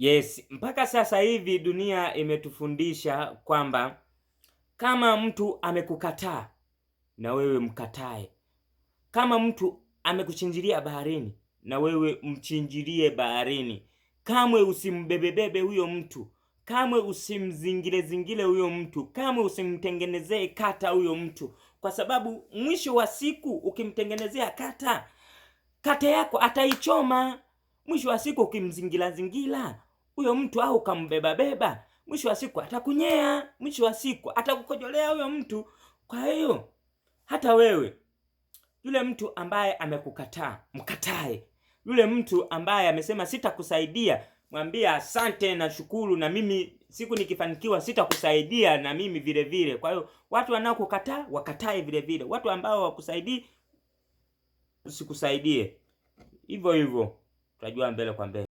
Yes, mpaka sasa hivi dunia imetufundisha kwamba kama mtu amekukataa na wewe mkatae, kama mtu amekuchinjilia baharini na wewe mchinjilie baharini. Kamwe usimbebebebe huyo mtu, kamwe usimzingile zingile huyo mtu, kamwe usimtengenezee kata huyo mtu, kwa sababu mwisho wa siku ukimtengenezea kata, kata yako ataichoma. Mwisho wa siku ukimzingila zingila huyo mtu au ukambeba beba, mwisho wa siku atakunyea, mwisho wa siku atakukojolea huyo mtu. Kwa hiyo hata wewe yule mtu ambaye amekukataa mkatae. Yule mtu ambaye amesema sitakusaidia, mwambie asante na shukuru, na mimi siku nikifanikiwa sitakusaidia na mimi vile vile. Kwa hiyo watu wanaokukataa wakatae vile vile, watu ambao wakusaidii usikusaidie, hivyo hivyo, tutajua mbele kwa mbele.